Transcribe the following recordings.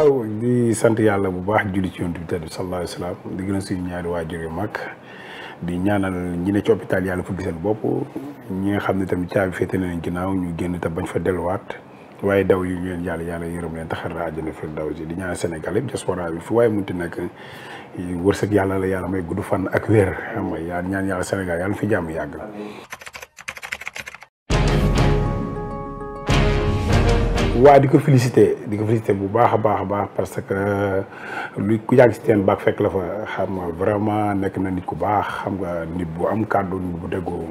waaw di sant yàlla bu baax julli ci yonent bi tedd bi sallallahu alayhi wa sallam di gën a ñaari waajur yu mag di ñaanal ñi ne ci hôpital yàlla fa gisal bopp ñi nga xam ne tamit caabi féete na leen ginnaaw ñu génn te bañ fa delluwaat waaye daw yu ñu leen yàlla yàlla yërëm leen taxar na àjjana fir daw si di ñaanal Sénégal yëpp diaspora bi fu waaye munti nekk wërsëg yàlla la yàlla may gudd fan ak wér xam nga yaa ñaan yàlla Sénégal yàlla fi jàmm yàgg la waa di ko félicité di ko félicité bu baax a baax a baax parce que euh, lu ku yàgg si teen baak fekk la fa xam nga vraiment nekk na nit ku baax xam nga nit bu am kàddu nit bu déggoo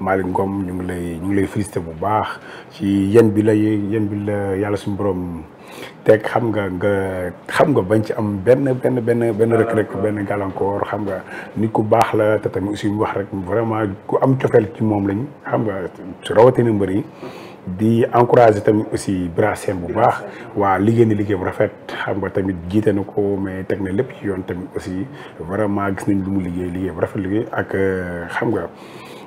Malick ñu ngi lay ñu ngi lay félicité bu baax ci yen bi la yen bi yàlla suñu borom teg xam nga nga xam nga bañ ci am benn benn benn benn rek rek benn gàllankoor xam nga nit ku baax la te tamit aussi mu wax rek vraiment ku am cofeel ci moom lañ xam nga rawatina mbër yi di encourager tamit aussi brassin bu baax waa liggéey na liggéey bu rafet xam nga tamit jiite na ko mais teg na lépp ci yoon tamit aussi vraiment gis nañ lu mu liggéey liggéey bu rafet liggéey ak euh, xam nga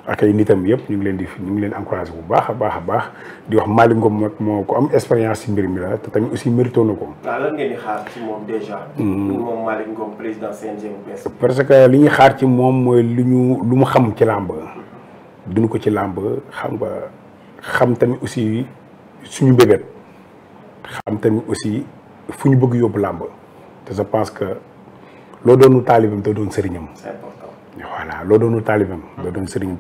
ak ay nitam yëpp ñu ngi leen di ñu ngi leen encouragé bu baax a baax a baax di wax Malick Ngom nag moo ko am expérience ci mbir mi la te tamit aussi mérito na ko. waaw lan ngeen moom déjà. Hmm. moom Malick Ngom président CNG parce que li ñu xaar ci moom mooy lu ñu lu mu xam ci làmb. Hmm. duñu ko ci làmb xam nga. xam tamit aussi suñu bébét xam tamit aussi fu ñu bëgg yóbbu làmb te je pense que loo doonu taalibam te doon sëriñam loo doonu taalibam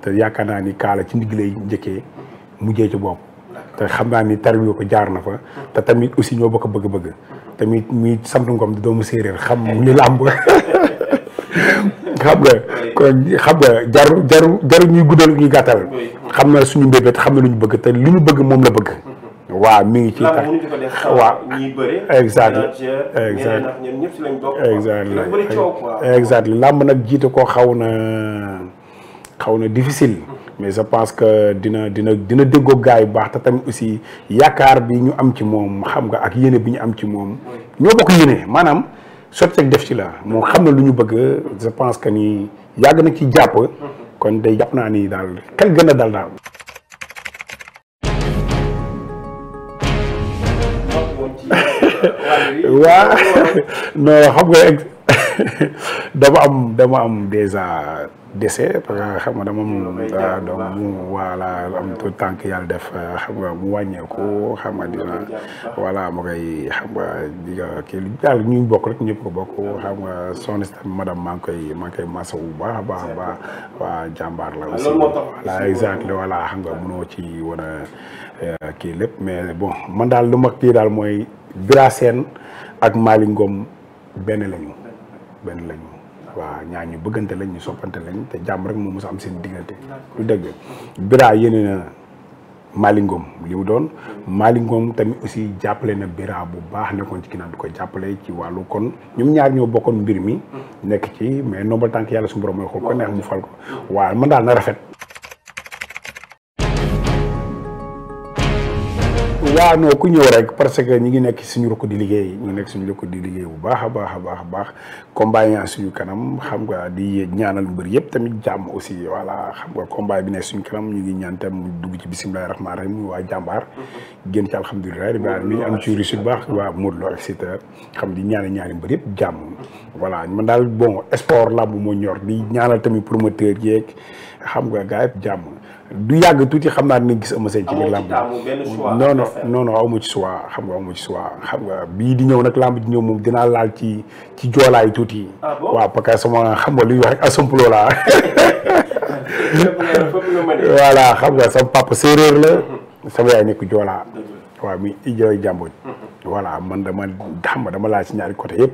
te yaakaar naa ni kaala ci ndigg lay njëkkee mujjee ci bopp te xam naa ni tarbiyo jaar na fa te tamit aussi ñoo bokk bëgg-bëgg tamit muy sant ngom di doomu séeréer xam li làmb xam nga kon xam nga jaru jaru ñuy guddal ñuy gàttal xam na suñu mbébét xam na lu ñu bëgg te lu ñu bëgg moom la bëgg. Mm-hmm. waa mi ngi ci tax waaw exact exact exact làmb nag jiite ko xaw na xaw na difficile mm-hmm. mais je pense que dina dina dina déggoo gars yu baax te tamit aussi yaakaar bi ñu am ci moom xam nga ak yéene bi ñu am ci moom ñoo bokk yéene maanaam sotteeg def ci la moom xam na lu ñu bëgg je pense que nii yàgg na ci jàpp mm-hmm. ko day jàpp naa ni daal xel gën a daal. waa non xam nga dama am dama am déjà. décès parce que xam nga moom mu tout temps que yàlla def xam nga mu wàññeeku xam nga dina voilà mu koy xam nga di nga kii daal ñu bokk rek ñëpp ko bokk xam nga son système madame maa koy maa koy masa bu baax a baax baax jàmbaar la ah, aussi voilà exact voilà xam nga mënoo ci wan euh, kii lépp mais bon man daal lu ma kii daal mooy Bira Sène ak Malick Ngom benn waaw ñaar ñu bëggante lañ ñu soppante lañ te jàmm rek moo mos a am seen diggante lu dëgg Bira yeneen na Malingom li mu doon Malingom tamit aussi jàppale na Bira bu baax nekkoon ci ginnaaw du ko jàppale ci wàllu kon ñoom ñaar ñoo bokkoon mbir mi nekk ci mais nombre tànk yàlla su borom mooy ko neex mu fal ko waaw man daal na rafet waaw non ku ñëw rek parce que ñu ngi nekk suñu rukk di liggéey ñu nekk suñu rukk di liggéey bu baax a baax a baax a baax combat suñu kanam xam nga di ñaanal mbër yëpp tamit jàmm aussi voilà xam nga combat bi nekk suñu kanam ñu ngi ñaan tam mu dugg ci bisimilah rahmaani rahim waa jàmbaar génn ci alhamdulilah mi am ci réussite baax waa Modou Lo et cetera xam di ñaanal ñaari mbër yëpp jàmm voilà man daal bon sport làmb moo ñor di ñaanal tamit promoteur yeeg xam nga gaa yëpp jàmm du yàgg tuuti xam naa dina gis Eumeu Sène ci biir làmb non non non ci choix xam nga amu ci choix xam nga bii di ñëw nag làmb di ñëw moom dinaa laal ci ci joolaay tuuti ah waaw parce sama xam nga luy wax rek asomploo laa voilà xam nga sama papa séeréer la mm-hmm. sama yaay nekk joolaa waaw mi ijoy jàmbooj voilà man dama xam dama laal ci ñaari côté yëpp.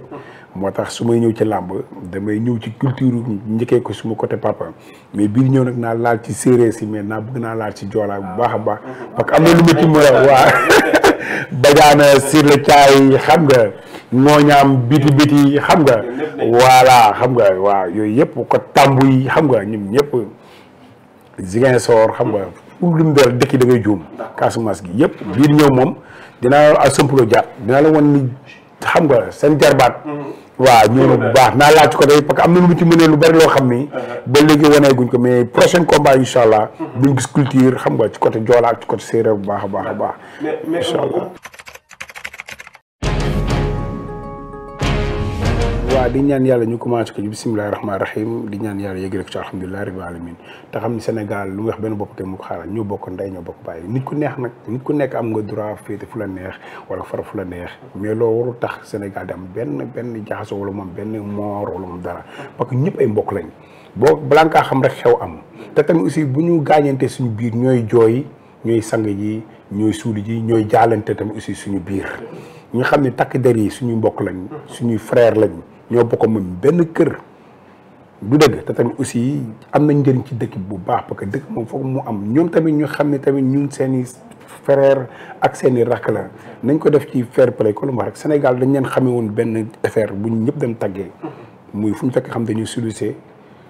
moo tax su may ñëw ci làmb damay ñëw ci culture njëkkee ko suma côté papa mais biir ñëw nag naa laal ci séeréer si mais naa bëgg naa laal ci joolaa bu baax a baax. Ah, ah, ah. parce que am na lu ma ci mën a waa bajaana sur le caay xam nga mooñaam biti biti xam nga. voilà xam nga waa yooyu yëpp ko tàmbu yi xam nga ñun ñëpp Ziguinchor xam nga. pour lim dara dëkk yi da juum Casamance gi yëpp bii ñëw moom dinaa a sëmploo jaar dinaa la wan ni xam nga seen jarbaat mm-hmm. waaw ñëw na bu baax naa laaj ko day parce que am na lu mu ci mënee lu bari loo xam ni uh-huh. ba léegi waneeguñ ko mais prochain combat incha allah buñ mm-hmm. gis culture xam nga ci côté Joola ak ci côté séeréer bu baax a baax a baax incha allah waa di ñaan yàlla ñu commencé ko ci bisimilahi rahmaani rahim di ñaan yàlla yëgale ko ci alhamdulilahi rabbil alamin te xam ni Sénégal lu mu wax benn bopp kenn mu ko xaaral ñoo bokk ndey ñoo bokk bàyyi nit ku neex nag nit nekk am nga droit féete fu la neex wala fara neex mais loo tax Sénégal di benn benn jaxaso wala moom benn moor wala dara parce que ñëpp ay mbokk lañ boo balaa nga xam rek xew am te tamit aussi bu ñu gaañante suñu biir ñooy jooy ñooy sang ji ñooy suuli ji ñooy jaalante tamit aussi suñu biir ñu xam ne takk der yi suñu mbokk lañ suñuy frère lañ ñoo bokk moom benn kër du dëgg te tamit aussi am na njëriñ ci dëkk bu baax parce que dëkk moom foog mu am ñoom tamit ñu xam ne tamit ñu seeni frère ak seeni rakk la nañ ko def ci fair play ko lu ma rek Sénégal dañ leen xamee woon benn affaire bu ñëpp dem taggee muy fu ñu fekk xam dañuy solucé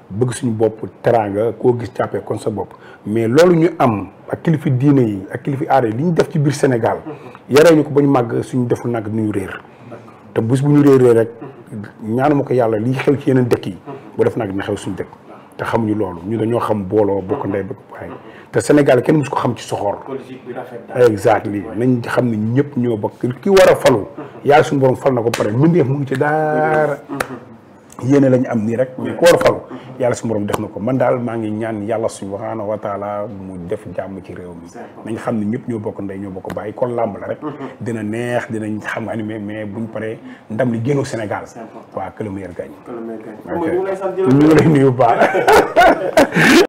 bëgg suñu bopp teraanga koo gis càppee kon sa bopp mais loolu ñu am ak kilifi diine yi ak kilifi aada yi li ñu def ci biir Sénégal yaree ñu ko ba ñu màgg suñu deful nag nuñu ñaanuma ko yàlla li xew ci yeneen dëkk yi mm-hmm. bu def nag dina xew suñu dëkk te xamuñu loolu ñu dañoo xam booloo bokk ndey bokk baay te Sénégal kenn musu ko xam ci soxor exactly nañ xam ne ñëpp ñoo bokk ki war a falu mm-hmm. yàlla suñu borom fal na ko pare mbindeef mu ngi ci daara mm-hmm. yéene lañu am nii rek mais ku war a falu yàlla suñu borom def na ko man daal maa ngi ñaan yàlla subhanahu wa taala mu def jàmm ci réew mi nañ xam ne ñëpp ñoo bokk ndey ñoo bokk bàyyi ko làmb la rek mm-hmm. dina neex dinañ xam animé mais buñ paree ndam li génnu Sénégal waaw que le meilleur gagne ñu ngi lay nuyu bu baax